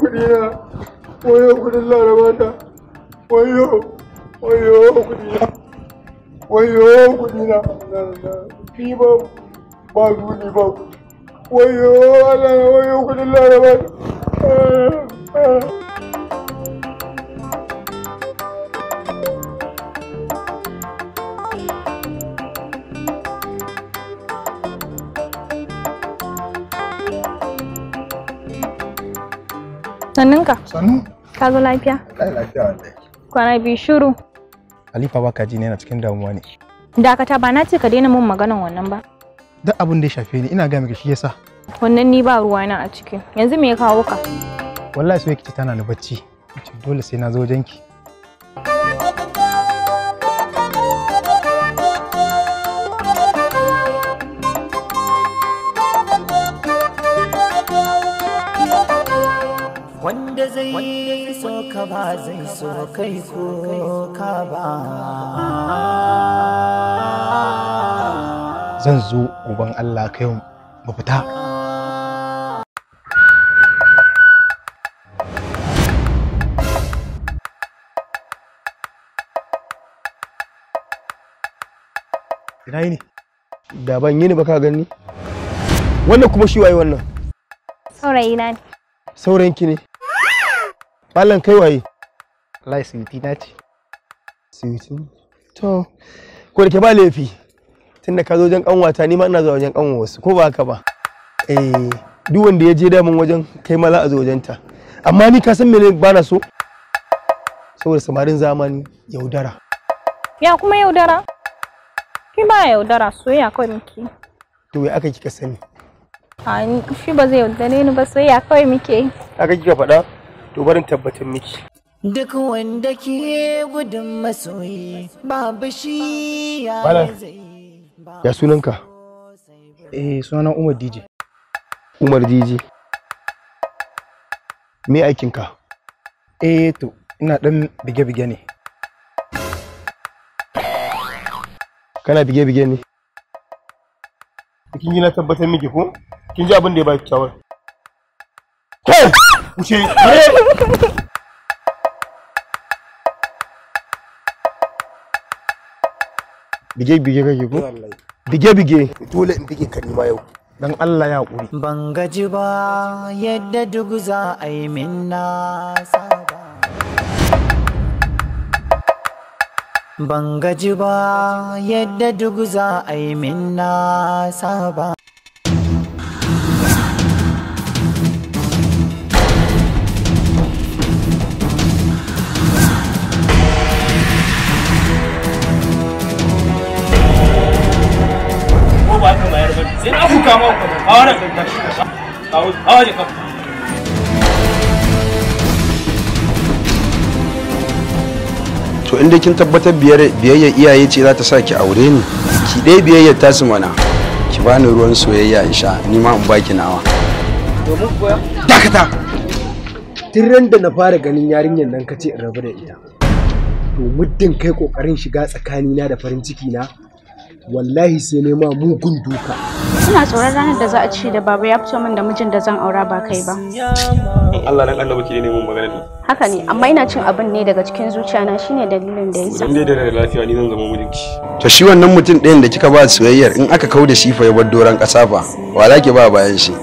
Wayo na wayo kudin larabata, wayo, wayo na wayo kudina, fi ba ba duni ba wayo Allah wayo kudin laraba Sanninka? Sannu. Ka zo lafiya? Kai lafiya wallahi. Kwana biyu shiru. Ali ba ka ji ne na cikin damuwa ne. Dakata ba na ce ka daina mun maganan wannan ba. duk abin da ya shafe ni ina ga miki shi yasa wannan ni ba ruwa na a ciki yanzu me ya kawo ka wallahi so yake tana ni bacci dole sai na zo wajenki wanda zai yi so ka ba zai so kai ko ba zan zo uban Allah kai mu fita ina yi ne da ban yi ni ba ka gani wannan kuma shi waye wannan saurayi na ne saurayinki ne malam kai waye lai suyuti na ce suyuti to ko da ke ba laifi tunda ka zo wajen kanwata ni ma ina zuwa wajen kanwa wasu ko ba haka ba eh duk wanda ya je mun wajen kai ma za a zo wajen ta amma ni ka san me ba na so saboda samarin zamani yaudara ya kuma yaudara ki ba yaudara soyayya kawai miki to ya aka kika sani a ni shi ba zai yaudare ni ba soyayya kawai miki aka kika faɗa to barin tabbatar miki Duk wanda ke gudun masoyi babu shi ya zai Ya sunanka? Eh sunana Umar DJ. Umar DJ. Me aikinka? Eh to ina dan bige-bige ne. Kana bige-bige ne? Kin yi na tabbatar miki ko? Kin ji abin da ya baki kyawar? Kai! Wuce! bige bige kake ko bige bige dole in bige kani ma yau dan Allah ya kuri ban gaji ba yadda duk za a yi min na saba ban gaji ba yadda duk za a yi min na ba. to inda kin tabbatar biyayyar iyaye ce za ta sa ki aure ni ki dai biyayyar ta su mana ki bani ruwan soyayya in sha ni ma in baki nawa domin koya dakata tun da na fara ganin yarinyar nan kace in rabu da ita to muddin kai kokarin shiga tsakani na da farin ciki na wallahi sai ne ma mugun duka ina tsoron ranar da za a ce da baba ya fito min da mijin da zan aura ba kai ba in Allah nan Allah baki ne mun magana ne haka ne amma ina cin abin ne daga cikin zuciya na shine dalilin da yasa dan dai da lafiya ni zan zama mijinki to shi wannan mutum ɗayan da kika ba soyayyar in aka kau da shi fa ya bar doran ƙasa fa wa zaki ba bayan shi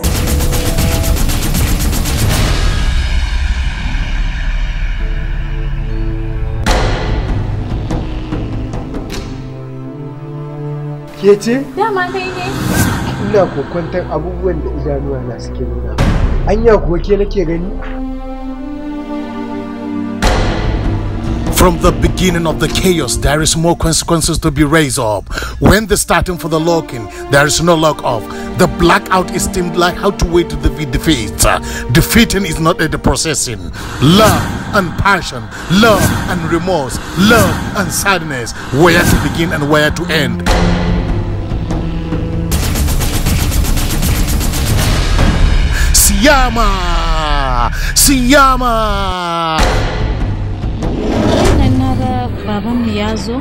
Dama Ina kokwantar abubuwan da idanuwa na suke nuna. Anya kuwa ke nake gani? From the beginning of the chaos, there is more consequences to be raised up. When the starting for the locking, there is no lock off. The blackout is deemed like how to wait to the defeat. defeating is not a processing. Love and passion, love and remorse, love and sadness. Where to begin and where to end. llama, se llama. Nan na babanmu ya zo,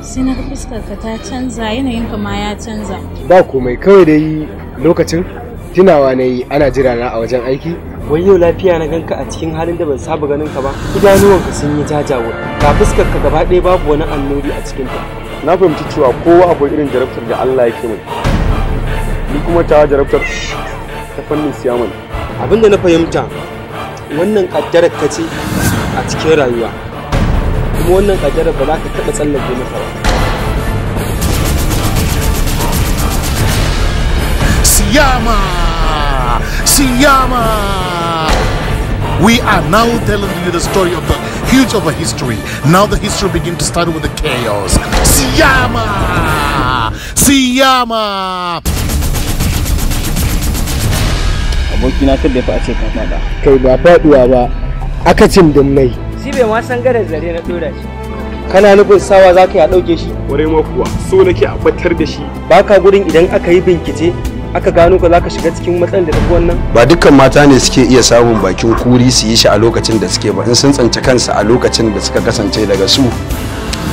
sai na fuskarka ta canza yanayin ma ya canza. Ba komai kawai da dai lokacin tunawa na yi ana jira na a wajen aiki. Wai yau lafiya na ganka a cikin halin da ban saba ganin ka ba, idanuwanka sun yi jajawo, ga fuskarka gaba ɗaya babu wani annori a cikinta. Na fahimci cewa kowa akwai irin jarabtar da Allah yake mai. Ni kuma ta jarabtar na fahimta wannan kaddarar ka ce a cikin rayuwa kuma wannan kaddarar ba za ka tsallake masa ba siyama siyama We are now telling you the story of the huge of a history. Now the history begin to start with the chaos. Siyama! Siyama! abokina kada fa a ce ka faɗa kai ba faɗuwa ba akacin dum mai. shi bai ma san gadar zare na ɗora shi kana nufin sawa za ka yi a ɗauke shi ƙwarai ma kuwa so nake a batar da shi ba ka gurin idan aka yi binkice, aka gano ka za ka shiga cikin matsalar da tafi wannan ba dukkan mata ne suke iya samun bakin kuri su yi shi a lokacin da suke ba in sun tsanci kansu a lokacin da suka kasance daga su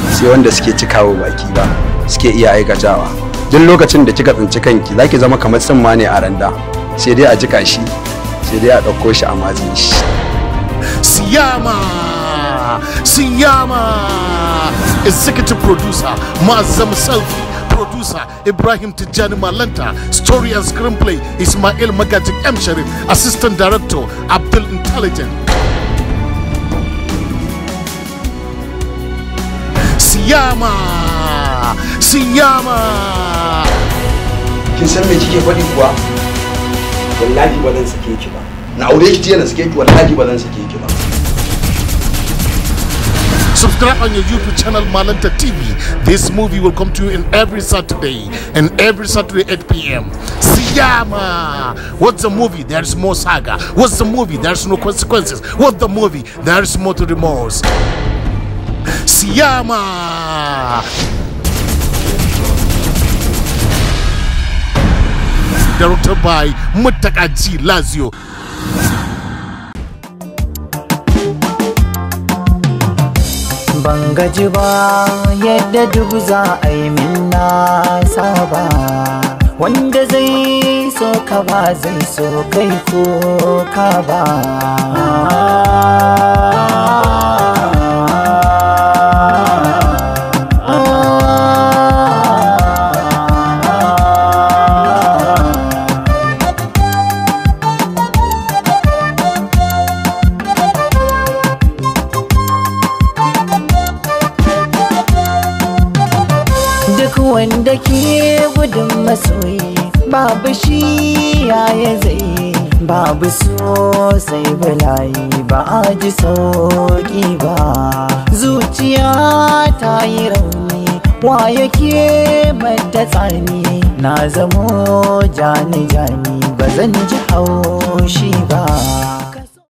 sai wanda suke cikawo baki ba suke iya aikatawa duk lokacin da kika tsinci kanki ki zama kamar tsumma ne a randa sai dai a jika shi sai dai a ɗauko shi a matsin shi siyama siyama executive producer mazam selfie producer Ibrahim Tijjani Malanta, story and screenplay Ismail magajin M. Sharif, assistant director Abdul Intelligent. Siyama! Siyama! Kin san me kike faɗi kuwa? wallahi ba zan sake ki ba na aure ki tiyana sake ki wallahi ba zan sake ki ba subscribe on your youtube channel malanta tv this movie will come to you in every saturday and every saturday 8 p.m siyama what's the movie there's more saga what's the movie there's no consequences what's the movie there's more to remorse siyama directed by Mutakaji Lazio. Ban ga ba yadda duk za a yi min saba. wanda zai so ka ba zai so kai ko ka ba babu shi yaya zai babu so sai bala'i ba a ji sauƙi ba zuciya ta yi rauni wa yake bata tsani na zamo jani-jani ba zan ji haushi ba